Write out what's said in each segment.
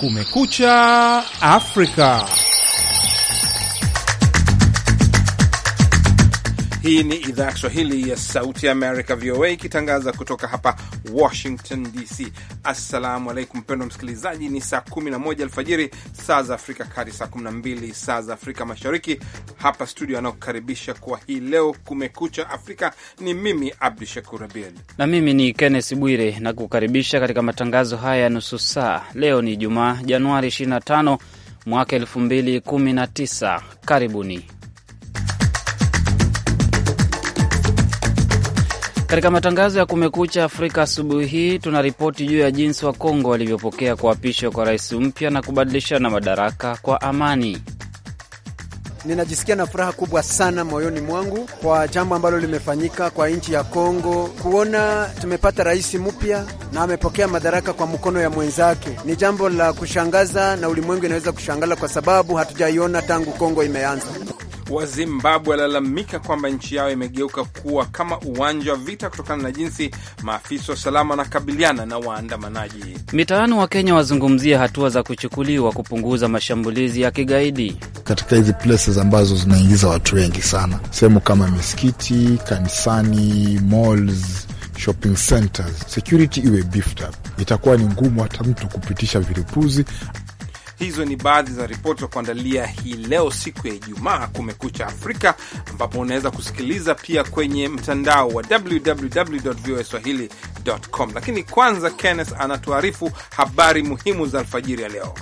Kumekucha Afrika. Hii ni idhaa ya Kiswahili ya Sauti ya Amerika, VOA, ikitangaza kutoka hapa Washington DC. Assalamu alaikum mpendwa msikilizaji, ni saa 11 alfajiri saa za Afrika Kati, saa 12 saa za Afrika Mashariki. Hapa studio anaokaribisha kwa hii leo Kumekucha Afrika ni mimi Abdu Shakur Abid na mimi ni Kennes Bwire na kukaribisha katika matangazo haya ya nusu saa. Leo ni Jumaa, Januari 25 mwaka 2019. Karibuni. Katika matangazo ya Kumekucha Afrika asubuhi hii tuna ripoti juu ya jinsi wa Kongo walivyopokea kuapishwa kwa rais mpya na kubadilishana madaraka kwa amani. Ninajisikia na furaha kubwa sana moyoni mwangu kwa jambo ambalo limefanyika kwa nchi ya Kongo. Kuona tumepata rais mpya na amepokea madaraka kwa mkono ya mwenzake ni jambo la kushangaza, na ulimwengu inaweza kushangala kwa sababu hatujaiona tangu Kongo imeanza wa Zimbabwe walalamika kwamba nchi yao imegeuka kuwa kama uwanja wa vita kutokana na jinsi maafisa wa usalama wanakabiliana na waandamanaji. Mitaani wa Kenya wazungumzia hatua za kuchukuliwa kupunguza mashambulizi ya kigaidi katika hizi places ambazo zinaingiza watu wengi sana, sehemu kama misikiti, kanisani, malls shopping centers security iwe beefed up. Itakuwa ni ngumu hata mtu kupitisha vilipuzi Hizo ni baadhi za ripoti za kuandalia hii leo, siku ya Ijumaa, Kumekucha Afrika, ambapo unaweza kusikiliza pia kwenye mtandao wa www voa swahili.com. Lakini kwanza, Kenneth anatuarifu habari muhimu za alfajiri ya leo.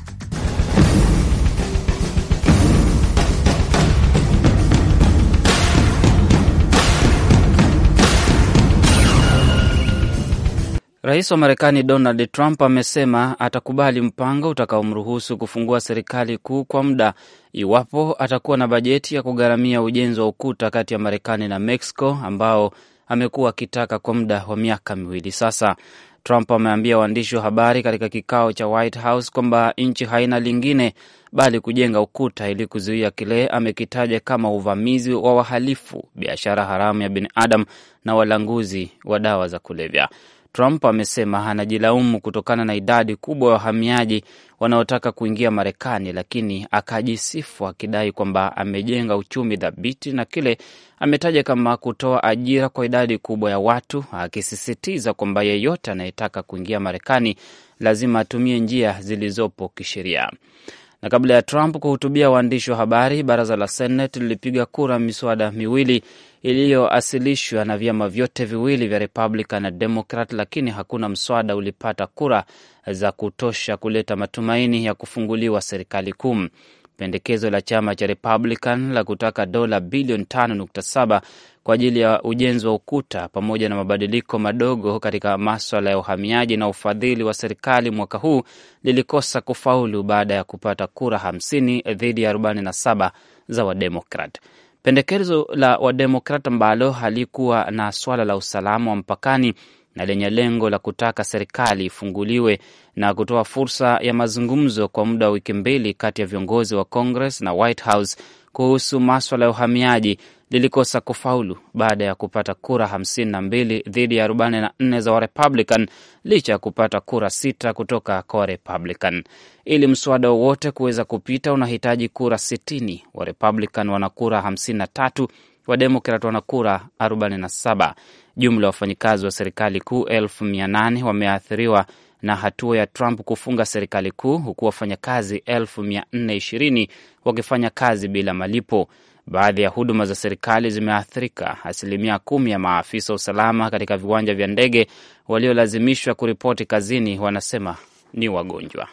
Rais wa Marekani Donald Trump amesema atakubali mpango utakaomruhusu kufungua serikali kuu kwa muda iwapo atakuwa na bajeti ya kugharamia ujenzi wa ukuta kati ya Marekani na Mexico ambao amekuwa akitaka kwa muda wa miaka miwili sasa. Trump ameambia waandishi wa habari katika kikao cha White House kwamba nchi haina lingine bali kujenga ukuta ili kuzuia kile amekitaja kama uvamizi wa wahalifu, biashara haramu ya binadamu na walanguzi wa dawa za kulevya. Trump amesema anajilaumu kutokana na idadi kubwa ya wahamiaji wanaotaka kuingia Marekani, lakini akajisifu akidai kwamba amejenga uchumi dhabiti na kile ametaja kama kutoa ajira kwa idadi kubwa ya watu, akisisitiza kwamba yeyote anayetaka kuingia Marekani lazima atumie njia zilizopo kisheria. Na kabla ya Trump kuhutubia waandishi wa habari, baraza la Senate lilipiga kura miswada miwili iliyoasilishwa na vyama vyote viwili vya Republican na Democrat, lakini hakuna mswada ulipata kura za kutosha kuleta matumaini ya kufunguliwa serikali kuu pendekezo la chama cha Republican la kutaka dola bilioni 5.7 kwa ajili ya ujenzi wa ukuta pamoja na mabadiliko madogo katika maswala ya uhamiaji na ufadhili wa serikali mwaka huu lilikosa kufaulu baada ya kupata kura 50 dhidi ya 47 za Wademokrat. Pendekezo la Wademokrat ambalo halikuwa na swala la usalama wa mpakani na lenye lengo la kutaka serikali ifunguliwe na kutoa fursa ya mazungumzo kwa muda wa wiki mbili kati ya viongozi wa Congress na White House kuhusu maswala ya uhamiaji lilikosa kufaulu baada ya kupata kura 52 dhidi ya 44 za Warepublican licha ya kupata kura sita kutoka kwa Warepublican. Ili mswada wowote kuweza kupita unahitaji kura 60. Warepublican wana kura 53 Demokrat wana kura 47. Jumla ya wafanyikazi wa serikali kuu 8 wameathiriwa na hatua ya Trump kufunga serikali kuu, huku wafanyakazi 420 wakifanya kazi bila malipo. Baadhi ya huduma za serikali zimeathirika. Asilimia kumi ya maafisa wa usalama katika viwanja vya ndege waliolazimishwa kuripoti kazini wanasema ni wagonjwa.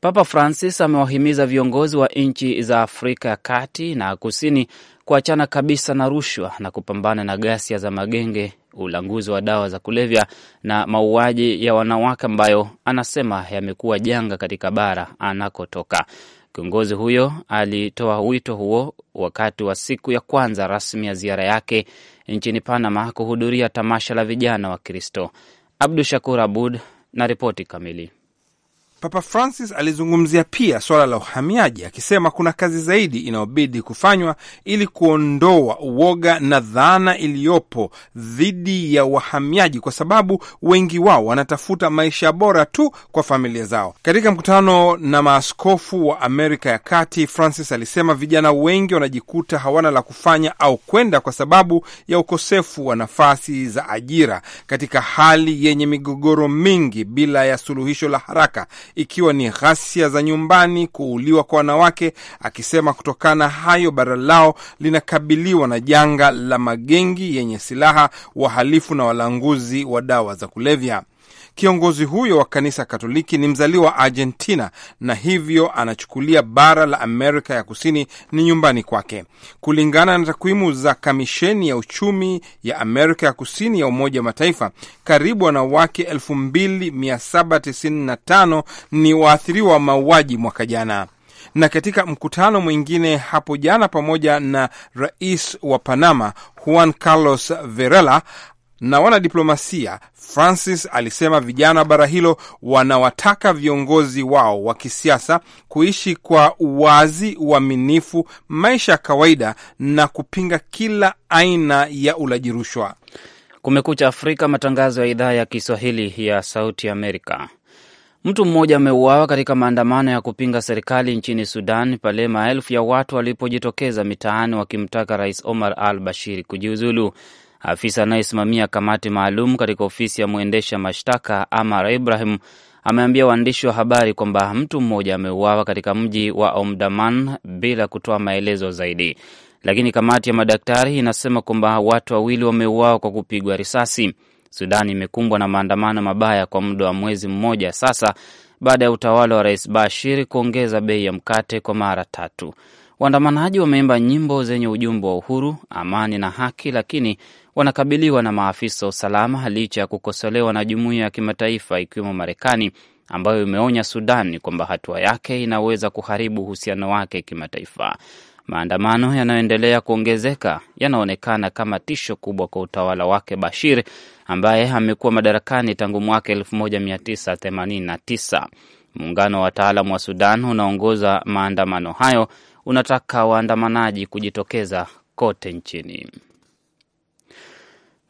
Papa Francis amewahimiza viongozi wa nchi za Afrika ya kati na kusini kuachana kabisa na rushwa na kupambana na ghasia za magenge, ulanguzi wa dawa za kulevya na mauaji ya wanawake ambayo anasema yamekuwa janga katika bara anakotoka. Kiongozi huyo alitoa wito huo wakati wa siku ya kwanza rasmi ya ziara yake nchini Panama kuhudhuria tamasha la vijana wa Kristo. Abdu Shakur Abud na ripoti kamili. Papa Francis alizungumzia pia suala la uhamiaji, akisema kuna kazi zaidi inayobidi kufanywa ili kuondoa uoga na dhana iliyopo dhidi ya wahamiaji, kwa sababu wengi wao wanatafuta maisha bora tu kwa familia zao. Katika mkutano na maaskofu wa Amerika ya Kati, Francis alisema vijana wengi wanajikuta hawana la kufanya au kwenda kwa sababu ya ukosefu wa nafasi za ajira katika hali yenye migogoro mingi bila ya suluhisho la haraka ikiwa ni ghasia za nyumbani, kuuliwa kwa wanawake, akisema kutokana hayo bara lao linakabiliwa na janga la magengi yenye silaha, wahalifu na walanguzi wa dawa za kulevya. Kiongozi huyo wa kanisa Katoliki ni mzaliwa wa Argentina na hivyo anachukulia bara la Amerika ya Kusini ni nyumbani kwake. Kulingana na takwimu za Kamisheni ya Uchumi ya Amerika ya Kusini ya Umoja wa Mataifa, karibu wanawake 2795 ni waathiriwa wa mauaji mwaka jana na katika mkutano mwingine hapo jana pamoja na rais wa Panama Juan Carlos Varela na wanadiplomasia, Francis alisema vijana wa bara hilo wanawataka viongozi wao wa kisiasa kuishi kwa uwazi, uaminifu, maisha ya kawaida na kupinga kila aina ya ulaji rushwa. Kumekucha Afrika, matangazo ya idhaa ya Kiswahili ya Sauti Amerika. Mtu mmoja ameuawa katika maandamano ya kupinga serikali nchini Sudan pale maelfu ya watu walipojitokeza mitaani wakimtaka Rais Omar al Bashir kujiuzulu. Afisa anayesimamia kamati maalum katika ofisi ya mwendesha mashtaka amar Ibrahim ameambia waandishi wa habari kwamba mtu mmoja ameuawa katika mji wa Omdurman bila kutoa maelezo zaidi, lakini kamati ya madaktari inasema kwamba watu wawili wameuawa kwa kupigwa risasi. Sudani imekumbwa na maandamano mabaya kwa muda wa mwezi mmoja sasa baada ya utawala wa Rais Bashir kuongeza bei ya mkate kwa mara tatu. Waandamanaji wameimba nyimbo zenye ujumbe wa uhuru, amani na haki, lakini wanakabiliwa na maafisa wa usalama licha ya kukosolewa na jumuiya ya kimataifa ikiwemo Marekani ambayo imeonya Sudan kwamba hatua yake inaweza kuharibu uhusiano wake kimataifa. Maandamano yanayoendelea kuongezeka yanaonekana kama tisho kubwa kwa utawala wake Bashir ambaye amekuwa madarakani tangu mwaka 1989. Muungano wa wataalam wa Sudan unaongoza maandamano hayo unataka waandamanaji kujitokeza kote nchini.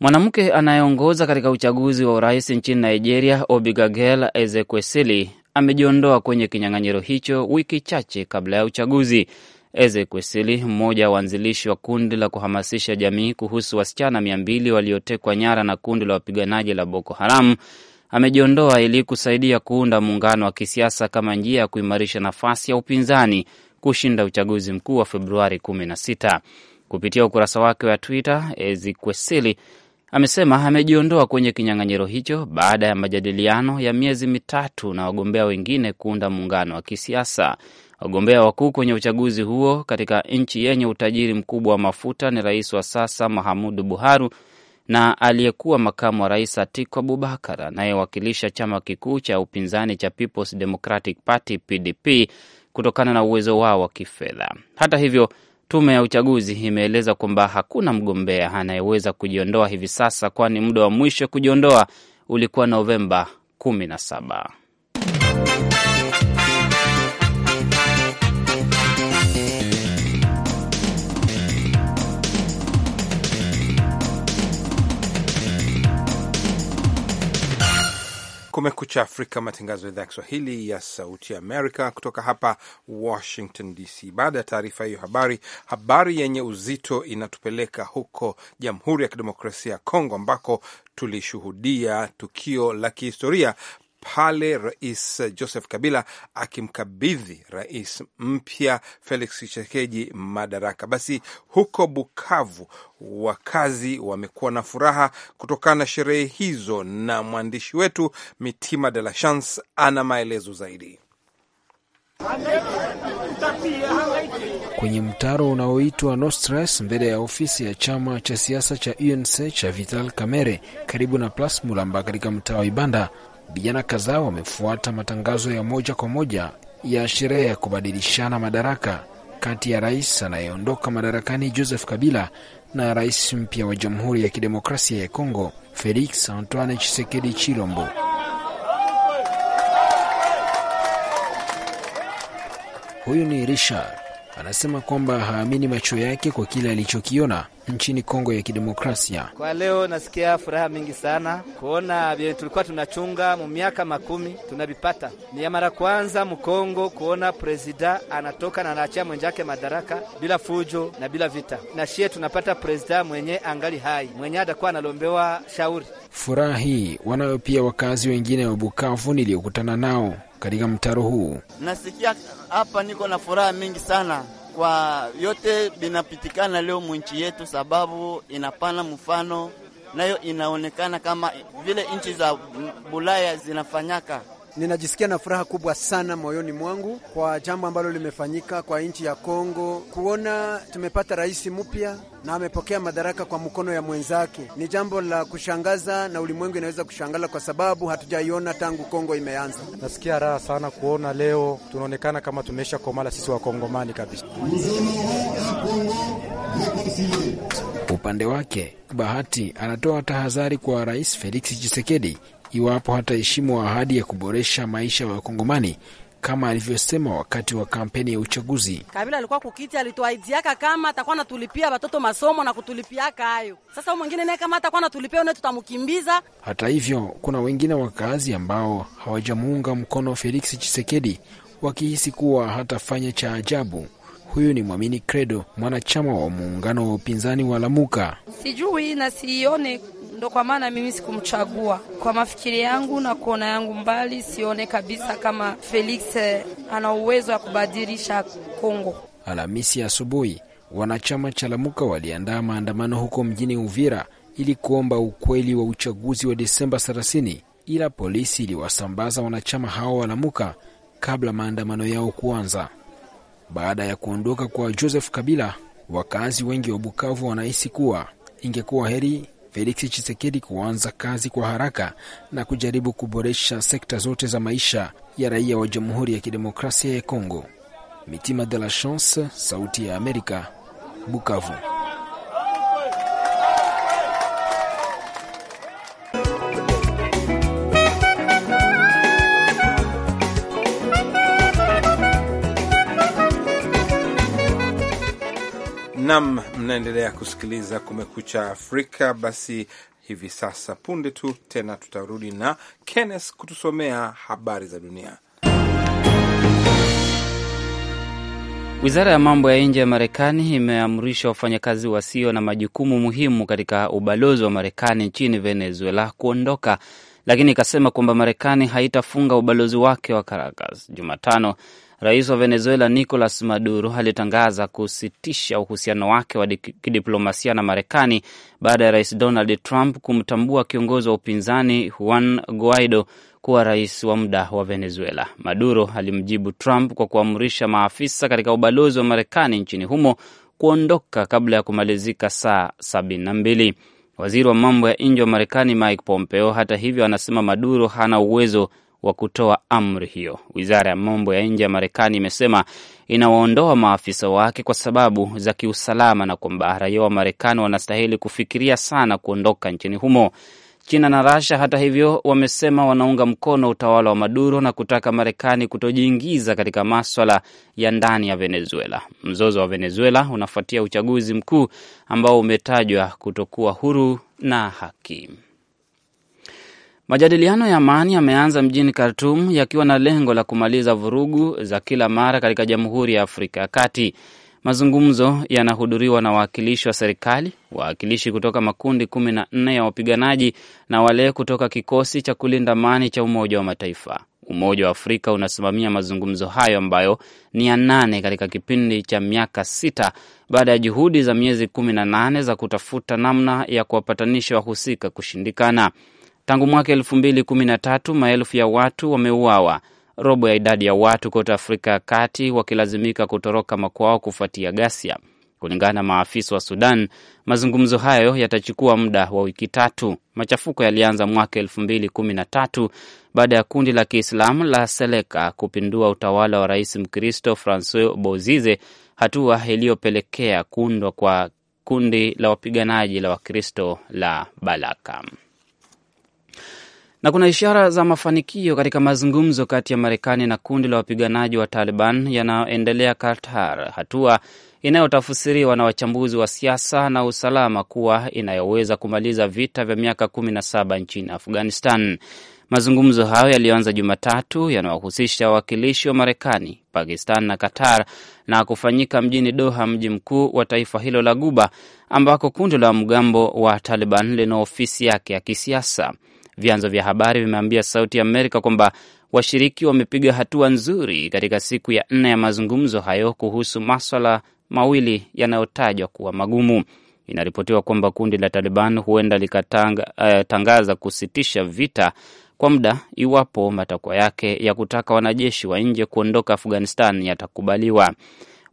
Mwanamke anayeongoza katika uchaguzi wa urais nchini Nigeria, Obigagel Ezekwesili, amejiondoa kwenye kinyang'anyiro hicho wiki chache kabla ya uchaguzi. Ezekwesili, mmoja wa waanzilishi wa kundi la kuhamasisha jamii kuhusu wasichana mia mbili waliotekwa nyara na kundi la wapiganaji la Boko Haram, amejiondoa ili kusaidia kuunda muungano wa kisiasa kama njia ya kuimarisha nafasi ya upinzani kushinda uchaguzi mkuu wa Februari 16. Kupitia ukurasa wake wa Twitter, Ezekwesili amesema amejiondoa kwenye kinyang'anyiro hicho baada ya majadiliano ya miezi mitatu na wagombea wengine kuunda muungano wa kisiasa. Wagombea wakuu kwenye uchaguzi huo katika nchi yenye utajiri mkubwa wa mafuta ni rais wa sasa Mahamudu Buhari na aliyekuwa makamu wa rais Atiku Abubakar anayewakilisha chama kikuu cha upinzani cha Peoples Democratic Party PDP kutokana na uwezo wao wa kifedha. Hata hivyo, tume ya uchaguzi imeeleza kwamba hakuna mgombea anayeweza kujiondoa hivi sasa, kwani muda wa mwisho kujiondoa ulikuwa Novemba 17. Kumekucha Afrika, matangazo ya idhaa ya Kiswahili ya Sauti Amerika kutoka hapa Washington DC. Baada ya taarifa hiyo habari, habari yenye uzito inatupeleka huko Jamhuri ya Kidemokrasia ya Kongo ambako tulishuhudia tukio la kihistoria pale Rais Joseph Kabila akimkabidhi rais mpya Felix Tshisekedi madaraka. Basi huko Bukavu wakazi wamekuwa na furaha kutokana na sherehe hizo, na mwandishi wetu Mitima de la Chance ana maelezo zaidi. Kwenye mtaro unaoitwa No Stress mbele ya ofisi ya chama cha siasa cha UNC cha Vital Kamerhe karibu na Place Mulamba katika mtaa wa Ibanda, Vijana kadhaa wamefuata matangazo ya moja kwa moja ya sherehe ya kubadilishana madaraka kati ya rais anayeondoka madarakani Joseph Kabila na rais mpya wa Jamhuri ya Kidemokrasia ya Kongo Felix Antoine chisekedi Chilombo. Huyu ni Richard, anasema kwamba haamini macho yake kwa kile alichokiona nchini Kongo ya Kidemokrasia. Kwa leo nasikia furaha mingi sana kuona vyenye tulikuwa tunachunga mu miaka makumi tunavipata. Ni ya mara kwanza Mkongo kuona prezida anatoka na anaachia mwenjake madaraka bila fujo na bila vita, na shie tunapata prezida mwenye angali hai mwenye atakuwa analombewa shauri. Furaha hii wanayo pia wakazi wengine wa Bukavu niliyokutana nao katika mtaro huu. Nasikia hapa niko na furaha mingi sana kwa yote binapitikana leo mwinchi yetu, sababu inapana mfano nayo inaonekana kama vile nchi za Bulaya zinafanyaka. Ninajisikia na furaha kubwa sana moyoni mwangu kwa jambo ambalo limefanyika kwa nchi ya Kongo. Kuona tumepata rais mpya na amepokea madaraka kwa mkono ya mwenzake ni jambo la kushangaza, na ulimwengu inaweza kushangala kwa sababu hatujaiona tangu Kongo imeanza. Nasikia raha sana kuona leo tunaonekana kama tumeisha komala sisi wakongomani kabisa. Upande wake Bahati anatoa tahadhari kwa Rais Felix Tshisekedi iwapo hataheshimu ahadi ya kuboresha maisha ya wa Wakongomani kama alivyosema wakati wa kampeni ya uchaguzi. Kabila alikuwa kukiti, alituaidiaka kama atakuwa natulipia watoto masomo na kutulipiaka hayo. Sasa mwingine naye kama atakuwa natulipia naye tutamkimbiza. Hata hivyo, kuna wengine wakaazi ambao hawajamuunga mkono Felix Chisekedi wakihisi kuwa hatafanya cha ajabu. Huyu ni Mwamini Credo, mwanachama wa muungano wa upinzani wa Lamuka. Sijui na siione Ndo kwa maana mimi sikumchagua. Kwa mafikiri yangu na kuona yangu mbali, sione kabisa kama Felix eh, ana uwezo wa kubadilisha Kongo. Alhamisi asubuhi wanachama cha Lamuka waliandaa maandamano huko mjini Uvira ili kuomba ukweli wa uchaguzi wa Desemba 30, ila polisi iliwasambaza wanachama hao wa Lamuka kabla maandamano yao kuanza. Baada ya kuondoka kwa Joseph Kabila, wakazi wengi wa Bukavu wanahisi kuwa ingekuwa heri Felix chisekedi kuanza kazi kwa haraka na kujaribu kuboresha sekta zote za maisha ya raia wa Jamhuri ya Kidemokrasia ya Kongo. Mitima de la Chance, Sauti ya Amerika, Bukavu. Nam, mnaendelea kusikiliza Kumekucha Afrika. Basi hivi sasa punde tu tena tutarudi na Kenneth kutusomea habari za dunia. Wizara ya mambo ya nje ya Marekani imeamrisha wafanyakazi wasio na majukumu muhimu katika ubalozi wa Marekani nchini Venezuela kuondoka, lakini ikasema kwamba Marekani haitafunga ubalozi wake wa Caracas Jumatano Rais wa Venezuela Nicolas Maduro alitangaza kusitisha uhusiano wake wa kidiplomasia na Marekani baada ya Rais Donald Trump kumtambua kiongozi wa upinzani Juan Guaido kuwa rais wa muda wa Venezuela. Maduro alimjibu Trump kwa kuamrisha maafisa katika ubalozi wa Marekani nchini humo kuondoka kabla ya kumalizika saa sabini na mbili. Waziri wa mambo ya nje wa Marekani Mike Pompeo, hata hivyo, anasema Maduro hana uwezo wa kutoa amri hiyo. Wizara ya mambo ya nje ya Marekani imesema inawaondoa maafisa wake kwa sababu za kiusalama na kwamba raia wa Marekani wanastahili kufikiria sana kuondoka nchini humo. China na rasha hata hivyo, wamesema wanaunga mkono utawala wa Maduro na kutaka Marekani kutojiingiza katika maswala ya ndani ya Venezuela. Mzozo wa Venezuela unafuatia uchaguzi mkuu ambao umetajwa kutokuwa huru na haki. Majadiliano ya amani yameanza mjini Khartum yakiwa na lengo la kumaliza vurugu za kila mara katika Jamhuri ya Afrika ya Kati. Mazungumzo yanahudhuriwa na wawakilishi wa serikali, wawakilishi kutoka makundi kumi na nne ya wapiganaji na wale kutoka kikosi cha kulinda amani cha Umoja wa Mataifa. Umoja wa Afrika unasimamia mazungumzo hayo ambayo ni ya nane katika kipindi cha miaka sita baada ya juhudi za miezi kumi na nane za kutafuta namna ya kuwapatanisha wahusika kushindikana. Tangu mwaka elfu mbili kumi na tatu maelfu ya watu wameuawa, robo ya idadi ya watu kote Afrika ya Kati wakilazimika kutoroka makwao kufuatia ghasia. Kulingana na maafisa wa Sudan, mazungumzo hayo yatachukua muda wa wiki tatu. Machafuko yalianza mwaka elfu mbili kumi na tatu baada ya kundi la Kiislamu la Seleka kupindua utawala wa rais Mkristo Francois Bozize, hatua iliyopelekea kuundwa kwa kundi la wapiganaji la Wakristo la Balaka na kuna ishara za mafanikio katika mazungumzo kati ya Marekani na kundi la wapiganaji wa Taliban yanayoendelea Qatar, hatua inayotafsiriwa na wachambuzi wa siasa na usalama kuwa inayoweza kumaliza vita vya miaka kumi na saba nchini Afghanistan. Mazungumzo hayo yaliyoanza Jumatatu yanawahusisha wawakilishi wa Marekani, Pakistan na Qatar na kufanyika mjini Doha, mji mkuu wa taifa hilo la Guba, ambako kundi la mgambo wa Taliban lina ofisi yake ya kisiasa. Vyanzo vya habari vimeambia Sauti ya Amerika kwamba washiriki wamepiga hatua nzuri katika siku ya nne ya mazungumzo hayo kuhusu maswala mawili yanayotajwa kuwa magumu. Inaripotiwa kwamba kundi la Taliban huenda likatangaza eh, uh, kusitisha vita kwa muda iwapo matakwa yake ya kutaka wanajeshi wa nje kuondoka Afghanistan yatakubaliwa.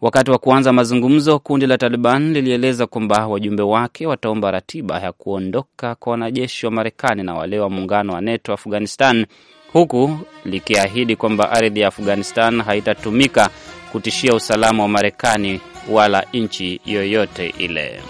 Wakati wa kuanza mazungumzo, kundi la Taliban lilieleza kwamba wajumbe wake wataomba ratiba ya kuondoka kwa wanajeshi wa Marekani na wale wa muungano wa NATO Afghanistan, huku likiahidi kwamba ardhi ya Afghanistan haitatumika kutishia usalama wa Marekani wala nchi yoyote ile.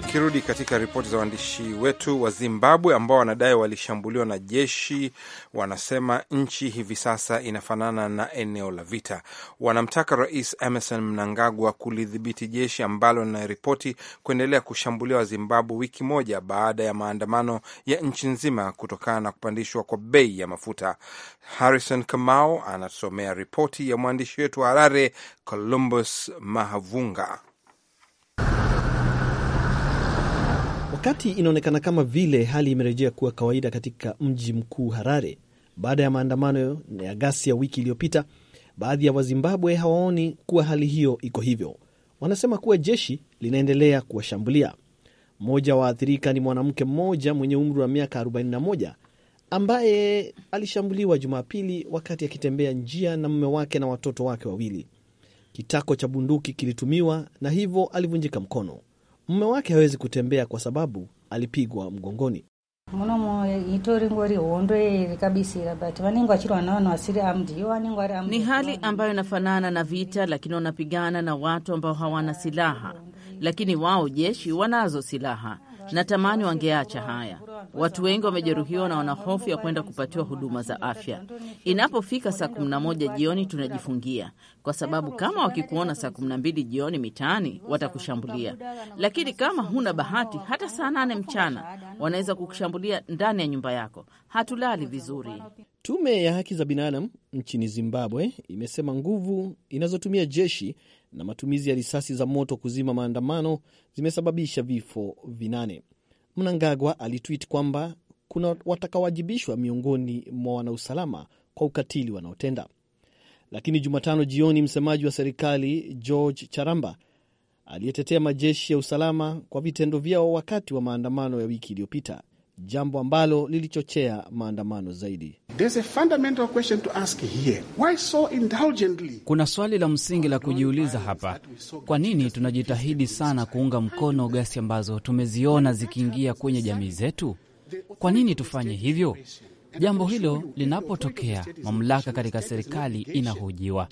Tukirudi katika ripoti za waandishi wetu wa Zimbabwe ambao wanadai walishambuliwa na jeshi, wanasema nchi hivi sasa inafanana na eneo la vita. Wanamtaka Rais Emerson Mnangagwa kulidhibiti jeshi ambalo linaripoti kuendelea kushambuliwa Zimbabwe, wiki moja baada ya maandamano ya nchi nzima kutokana na kupandishwa kwa bei ya mafuta. Harrison Kamau anasomea ripoti ya mwandishi wetu wa Harare, Columbus Mahavunga. Wakati inaonekana kama vile hali imerejea kuwa kawaida katika mji mkuu Harare baada ya maandamano ya ghasia wiki iliyopita, baadhi ya Wazimbabwe hawaoni kuwa hali hiyo iko hivyo. Wanasema kuwa jeshi linaendelea kuwashambulia. Mmoja wa waathirika ni mwanamke mmoja mwenye umri wa miaka 41 ambaye alishambuliwa Jumapili wakati akitembea njia na mume wake na watoto wake wawili. Kitako cha bunduki kilitumiwa na hivyo alivunjika mkono. Mume wake hawezi kutembea kwa sababu alipigwa mgongoni. Ni hali ambayo inafanana na vita, lakini wanapigana na watu ambao hawana silaha, lakini wao jeshi wanazo silaha. Natamani wangeacha haya. Watu wengi wamejeruhiwa na wana hofu ya kwenda kupatiwa huduma za afya. Inapofika saa kumi na moja jioni tunajifungia, kwa sababu kama wakikuona saa kumi na mbili jioni mitaani watakushambulia, lakini kama huna bahati, hata saa nane mchana wanaweza kukushambulia ndani ya nyumba yako. Hatulali vizuri. Tume ya haki za binadamu nchini Zimbabwe imesema nguvu inazotumia jeshi na matumizi ya risasi za moto kuzima maandamano zimesababisha vifo vinane. Mnangagwa alitwit kwamba kuna watakawajibishwa miongoni mwa wanausalama kwa ukatili wanaotenda. Lakini Jumatano jioni, msemaji wa serikali George Charamba aliyetetea majeshi ya usalama kwa vitendo vyao wakati wa maandamano ya wiki iliyopita jambo ambalo lilichochea maandamano zaidi. So kuna swali la msingi la kujiuliza hapa, kwa nini tunajitahidi sana kuunga mkono gasi ambazo tumeziona zikiingia kwenye jamii zetu? Kwa nini tufanye hivyo? Jambo hilo linapotokea, mamlaka katika serikali inahojiwa.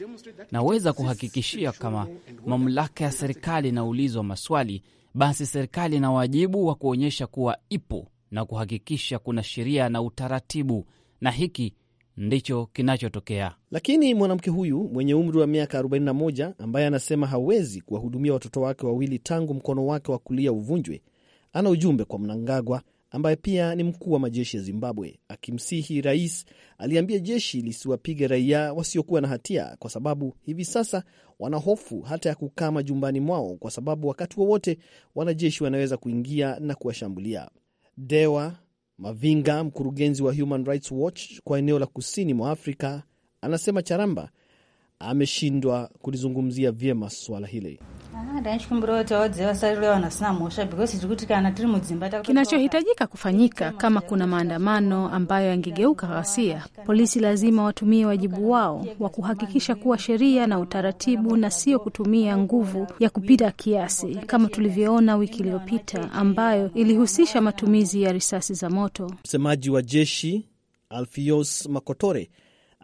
Naweza kuhakikishia kama mamlaka ya serikali inaulizwa maswali, basi serikali ina wajibu wa kuonyesha kuwa ipo na kuhakikisha kuna sheria na utaratibu, na hiki ndicho kinachotokea. Lakini mwanamke huyu mwenye umri wa miaka 41 ambaye anasema hawezi kuwahudumia watoto wake wawili tangu mkono wake wa kulia uvunjwe, ana ujumbe kwa Mnangagwa ambaye pia ni mkuu wa majeshi ya Zimbabwe, akimsihi rais aliambia jeshi lisiwapiga raia wasiokuwa na hatia, kwa sababu hivi sasa wana hofu hata ya kukaa majumbani mwao, kwa sababu wakati wowote wa wanajeshi wanaweza kuingia na kuwashambulia. Dewa Mavinga, mkurugenzi wa Human Rights Watch kwa eneo la kusini mwa Afrika, anasema Charamba ameshindwa kulizungumzia vyema swala hili. Kinachohitajika kufanyika kama kuna maandamano ambayo yangegeuka ghasia, polisi lazima watumie wajibu wao wa kuhakikisha kuwa sheria na utaratibu, na sio kutumia nguvu ya kupita kiasi kama tulivyoona wiki iliyopita ambayo ilihusisha matumizi ya risasi za moto. Msemaji wa jeshi Alfios Makotore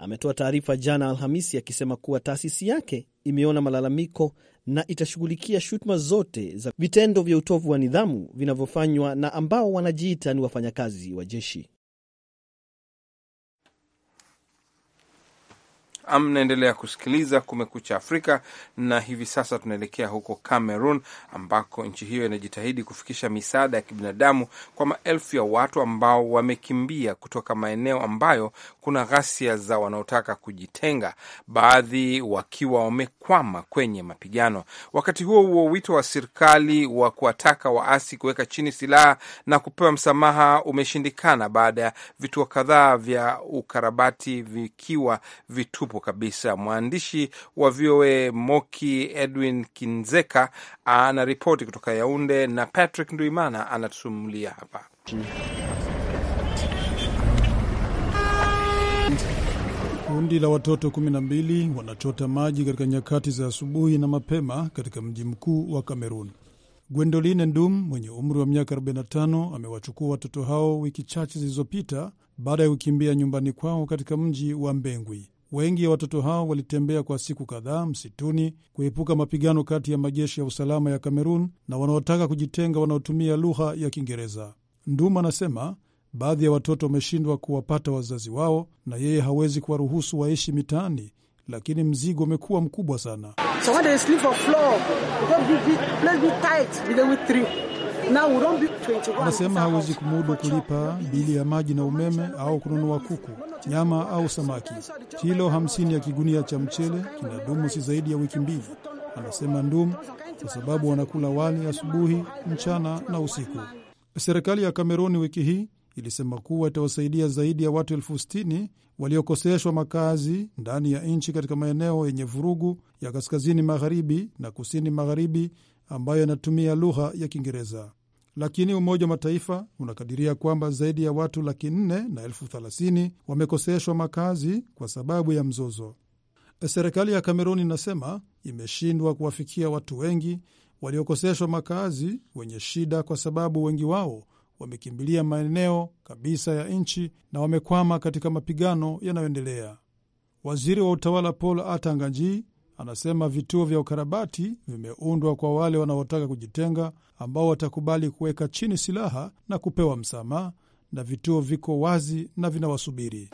ametoa taarifa jana Alhamisi akisema kuwa taasisi yake imeona malalamiko na itashughulikia shutuma zote za vitendo vya utovu wa nidhamu vinavyofanywa na ambao wanajiita ni wafanyakazi wa jeshi. Mnaendelea kusikiliza Kumekucha Afrika, na hivi sasa tunaelekea huko Cameroon ambako nchi hiyo inajitahidi kufikisha misaada ya kibinadamu kwa maelfu ya watu ambao wamekimbia kutoka maeneo ambayo kuna ghasia za wanaotaka kujitenga, baadhi wakiwa wamekwama kwenye mapigano. Wakati huo huo, wito wa serikali wa kuwataka waasi kuweka chini silaha na kupewa msamaha umeshindikana baada ya vituo kadhaa vya ukarabati vikiwa vitupu kabisa. Mwandishi wa VOA Moki Edwin Kinzeka anaripoti kutoka Yaunde na Patrick Nduimana anatusumulia hapa. Kundi la watoto 12 wanachota maji katika nyakati za asubuhi na mapema katika mji mkuu wa Kamerun. Gwendoline Ndum mwenye umri wa miaka 45 amewachukua watoto hao wiki chache zilizopita baada ya kukimbia nyumbani kwao katika mji wa Mbengwi. Wengi ya watoto hao walitembea kwa siku kadhaa msituni kuepuka mapigano kati ya majeshi ya usalama ya Kamerun na wanaotaka kujitenga wanaotumia lugha ya Kiingereza. Ndum anasema Baadhi ya watoto wameshindwa kuwapata wazazi wao, na yeye hawezi kuwaruhusu waishi mitaani, lakini mzigo umekuwa mkubwa sana. anasema hawezi kumudu kulipa bili ya maji na umeme au kununua kuku, nyama au samaki. Kilo 50 ya kigunia cha mchele kinadumu si zaidi ya wiki mbili, anasema Ndum, kwa sababu wanakula wali asubuhi, mchana na usiku. Serikali ya Kameruni wiki hii ilisema kuwa itawasaidia zaidi ya watu elfu sitini waliokoseshwa makazi ndani ya nchi katika maeneo yenye vurugu ya kaskazini magharibi na kusini magharibi ambayo yanatumia lugha ya Kiingereza. Lakini Umoja wa Mataifa unakadiria kwamba zaidi ya watu laki nne na elfu thelathini wamekoseshwa makazi kwa sababu ya mzozo. Serikali ya Kameruni inasema imeshindwa kuwafikia watu wengi waliokoseshwa makazi wenye shida, kwa sababu wengi wao wamekimbilia maeneo kabisa ya nchi na wamekwama katika mapigano yanayoendelea. Waziri wa utawala Paul Atangaji anasema vituo vya ukarabati vimeundwa kwa wale wanaotaka kujitenga ambao watakubali kuweka chini silaha na kupewa msamaha na vituo viko wazi na vinawasubiri.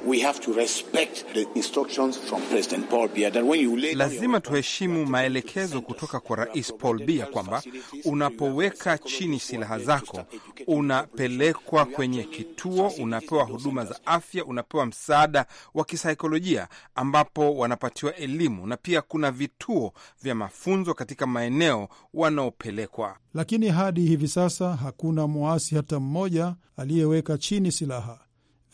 Lazima tuheshimu maelekezo kutoka kwa Rais Paul Bia kwamba unapoweka chini silaha zako, unapelekwa kwenye kituo, unapewa huduma za afya, unapewa msaada wa kisaikolojia, ambapo wanapatiwa elimu na pia kuna vituo vya mafunzo katika maeneo wanaopelekwa lakini hadi hivi sasa hakuna mwasi hata mmoja aliyeweka chini silaha.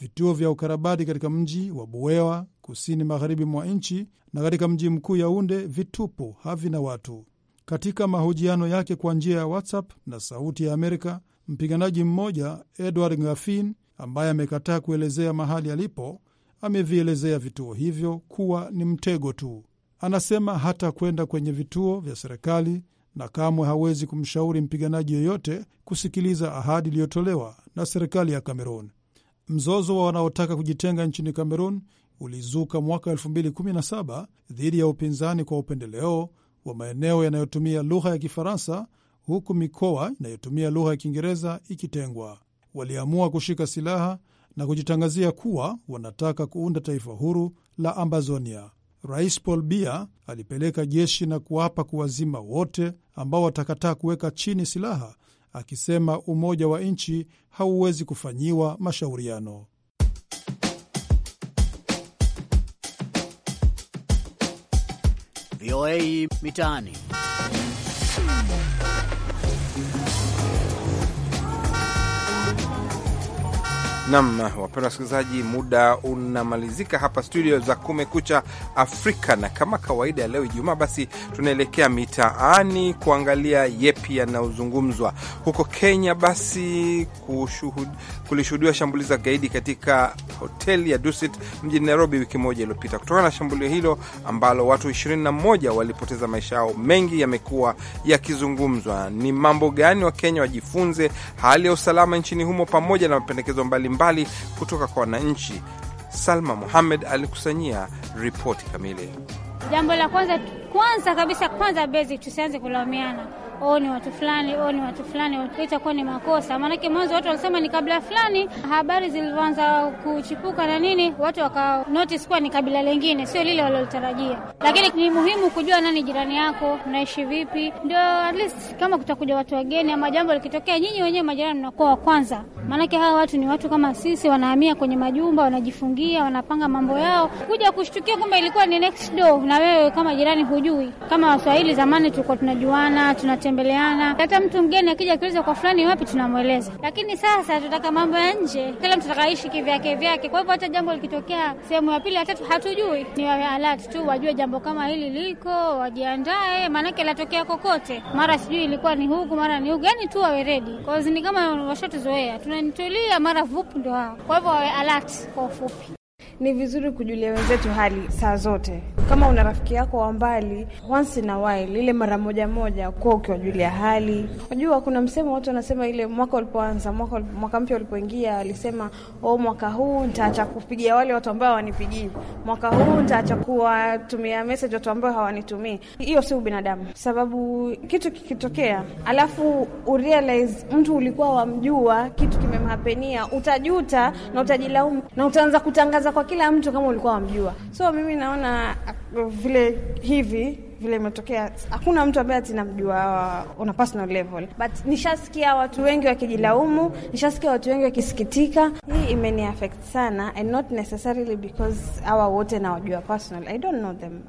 Vituo vya ukarabati katika mji wa buewa kusini magharibi mwa nchi na katika mji mkuu Yaunde vitupu, havina watu. Katika mahojiano yake kwa njia ya WhatsApp na Sauti ya Amerika, mpiganaji mmoja Edward Ngafin ambaye amekataa kuelezea mahali alipo amevielezea vituo hivyo kuwa ni mtego tu. Anasema hata kwenda kwenye vituo vya serikali na kamwe hawezi kumshauri mpiganaji yoyote kusikiliza ahadi iliyotolewa na serikali ya Kamerun. Mzozo wa wanaotaka kujitenga nchini Kamerun ulizuka mwaka 2017 dhidi ya upinzani kwa upendeleo wa maeneo yanayotumia lugha ya Kifaransa, huku mikoa inayotumia lugha ya Kiingereza ikitengwa. Waliamua kushika silaha na kujitangazia kuwa wanataka kuunda taifa huru la Ambazonia. Rais Paul bia alipeleka jeshi na kuapa kuwazima wote ambao watakataa kuweka chini silaha, akisema umoja wa nchi hauwezi kufanyiwa mashauriano. VOA Mitaani. Nam, wapenda wasikilizaji, muda unamalizika hapa studio za Kumekucha Afrika, na kama kawaida ya leo Ijumaa, basi tunaelekea mitaani kuangalia yepi yanayozungumzwa huko Kenya. Basi kulishuhudiwa shambulio za gaidi katika hoteli ya Dusit mjini Nairobi wiki moja iliyopita. Kutokana na shambulio hilo ambalo watu 21 walipoteza maisha yao, mengi yamekuwa yakizungumzwa. Ni mambo gani Wakenya wajifunze, hali ya usalama nchini humo, pamoja na mapendekezo mbalimbali mbalimbali kutoka kwa wananchi. Salma Muhamed alikusanyia ripoti kamili. Jambo la kwanza, kwanza kabisa, kwanza bezi, tusianze kulaumiana o oh, ni watu fulani, o oh, ni watu fulani, itakuwa ni makosa. Maanake mwanzo watu walisema ni kabila fulani, habari zilivyoanza kuchipuka na nini, watu waka notice kuwa ni kabila lingine, sio lile walilotarajia. Lakini ni muhimu kujua nani jirani yako, mnaishi vipi, ndio at least kama kutakuja watu wageni ama jambo likitokea, nyinyi wenyewe majirani mnakuwa wa kwanza, maanake hawa watu ni watu kama sisi, wanahamia kwenye majumba, wanajifungia, wanapanga mambo yao, kuja kushtukia kwamba ilikuwa ni next door, na wewe kama jirani hujui. Kama Waswahili zamani tulikuwa tunajuana, tunatembea kutembeleana. Hata mtu mgeni akija kiuliza kwa fulani wapi, tunamweleza. Lakini sasa tunataka mambo ya nje, kila mtu atakaishi kivyake vyake. Kwa hivyo hata jambo likitokea sehemu ya pili hata hatujui, ni wawe alert tu, wajue jambo kama hili liko, wajiandae, maanake latokea kokote. Mara sijui ilikuwa ni huku, mara ni huku, yani tu wawe redi kozi. Ni kama washatuzoea, tunanitulia mara vupu, ndo hao. Kwa hivyo wawe alert. Kwa ufupi, ni vizuri kujulia wenzetu hali saa zote. Kama una rafiki yako wa mbali, once in a while, ile mara moja moja, kuwa ukiwajulia hali. Unajua, kuna msemo watu wanasema ile mwaka ulipoanza, mwaka, mwaka mpya ulipoingia, alisema oh, mwaka huu nitaacha kupigia wale watu ambao hawanipigii, mwaka huu nitaacha kuwatumia message watu ambao hawanitumii. Hiyo si ubinadamu, sababu kitu kikitokea alafu urealize mtu ulikuwa wamjua, kitu kimemhapenia, utajuta na utajilaumu na utaanza kutangaza kwa kila mtu kama ulikuwa wamjua. So mimi naona vile hivi vile imetokea, hakuna mtu ambaye atinamjua uh, on a personal level, but nishasikia watu wengi wakijilaumu, nishasikia watu wengi wakisikitika. Hii imeni affect sana, and not necessarily because hawa wote nawajua personal, I don't know them,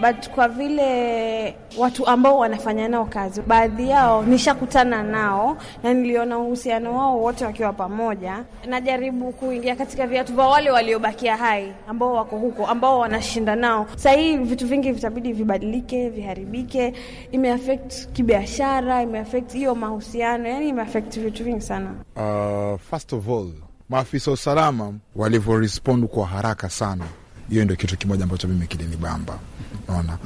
but kwa vile watu ambao wanafanya nao kazi, baadhi yao nishakutana nao na niliona uhusiano wao wote wakiwa pamoja. Najaribu kuingia katika viatu vya wale waliobakia hai ambao wako huko, ambao wanashinda nao. Sahii vitu vingi vitabidi vibadilike viharibike. Imeaffect kibiashara, imeaffect hiyo mahusiano, yani imeaffect vitu vingi sana. Uh, first of all maafisa wa usalama walivyorespond kwa haraka sana, hiyo ndio kitu kimoja ambacho mimi kilinibamba, naona.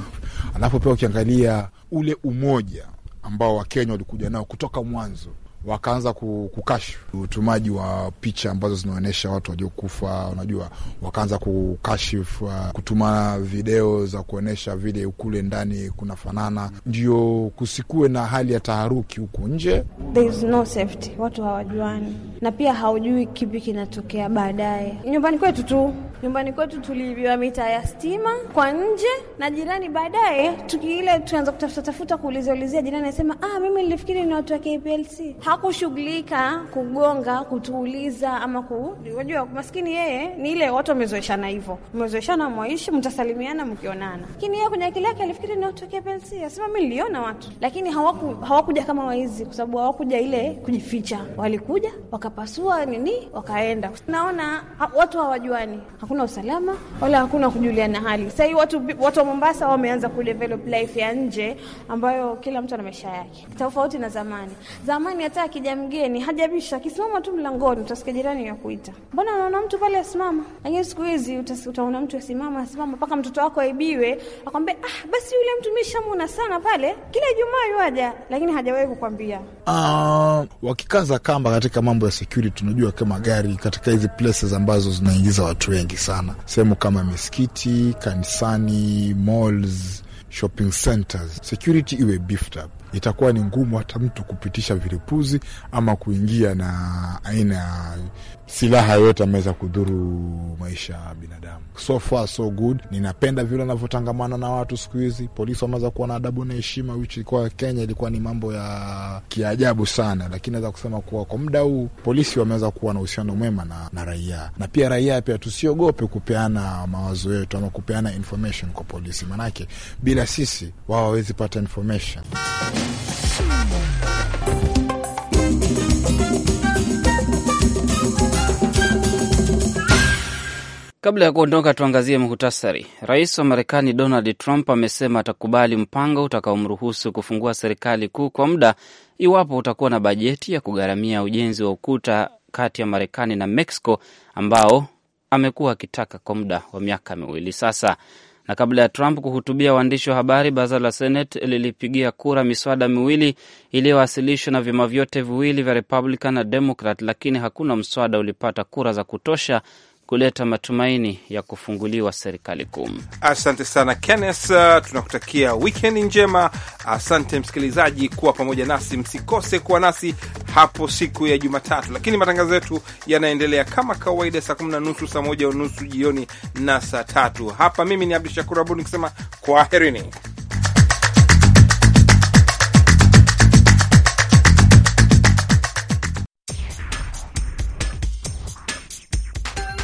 Alafu pia ukiangalia ule umoja ambao Wakenya walikuja nao kutoka mwanzo wakaanza kukashifu utumaji wa picha ambazo zinaonyesha watu waliokufa. Unajua, wakaanza kukashifu, uh, kutuma video za kuonyesha vile kule ndani kuna fanana ndio kusikue na hali ya taharuki huku nje. There is no safety, watu hawajuani, na pia haujui kipi kinatokea baadaye. Nyumbani kwetu tu nyumbani kwetu tuliibiwa mita ya stima kwa nje na jirani. Baadaye tukiile tuanza kutafuta tafuta kuuliza ulizia jirani, anasema ah, mimi nilifikiri ni watu wa KPLC. Hakushughulika kugonga kutuuliza ama ku, unajua maskini yeye ni ile watu wamezoeshana hivyo, mmezoeshana mwaishi, mtasalimiana mkionana, lakini yeye kwenye akili yake alifikiri ni watu wa KPLC. Anasema mimi niliona watu, lakini hawaku, hawakuja kama waizi, kwa sababu hawakuja ile kujificha, walikuja wakapasua nini wakaenda. Naona watu hawajuani, hakuna hakuna usalama wala hakuna kujuliana hali. Sasa Sahii watu, watu wa Mombasa wameanza ku develop life ya nje ambayo kila mtu ana maisha yake tofauti na zamani. Zamani hata akija mgeni hajabisha, akisimama tu mlangoni utasikia jirani ya kuita, mbona unaona mtu pale asimama? Lakini siku hizi utaona mtu asimama asimama mpaka mtoto wako aibiwe, akwambia ah, basi yule mtu mishamuna sana pale, kila Ijumaa yuaja, lakini hajawahi kukwambia. Uh, wakikaza kamba katika mambo ya security, tunajua kama gari katika hizi places ambazo zinaingiza watu wengi nyingi sana, sehemu kama misikiti, kanisani, malls, shopping centers. Security iwe beefed up. Itakuwa ni ngumu hata mtu kupitisha vilipuzi ama kuingia na aina ya silaha yoyote ameweza kudhuru maisha ya binadamu. So far so good. Ninapenda vile anavyotangamana na watu siku hizi, polisi wameweza kuwa na adabu na heshima, which ilikuwa Kenya ilikuwa ni mambo ya kiajabu sana, lakini naweza kusema kuwa kwa muda huu polisi wameweza kuwa na uhusiano mwema na, na raia na pia raia pia tusiogope kupeana mawazo yetu ama kupeana information kwa polisi, manake bila sisi wao hawawezi pata information Kabla ya kuondoka, tuangazie muhtasari. Rais wa Marekani Donald Trump amesema atakubali mpango utakaomruhusu kufungua serikali kuu kwa muda iwapo utakuwa na bajeti ya kugharamia ujenzi wa ukuta kati ya Marekani na Mexico ambao amekuwa akitaka kwa muda wa miaka miwili sasa. Na kabla ya Trump kuhutubia waandishi wa habari, baraza la Senate lilipigia kura miswada miwili iliyowasilishwa na vyama vyote viwili vya Republican na Democrat, lakini hakuna mswada ulipata kura za kutosha kuleta matumaini ya kufunguliwa serikali kuu. Asante sana Kenneth, uh, tunakutakia wikendi njema. Asante msikilizaji kuwa pamoja nasi, msikose kuwa nasi hapo siku ya Jumatatu, lakini matangazo yetu yanaendelea kama kawaida saa kumi na nusu, saa moja unusu jioni na saa tatu hapa. Mimi ni Abdu Shakur Abud nikisema kwaherini.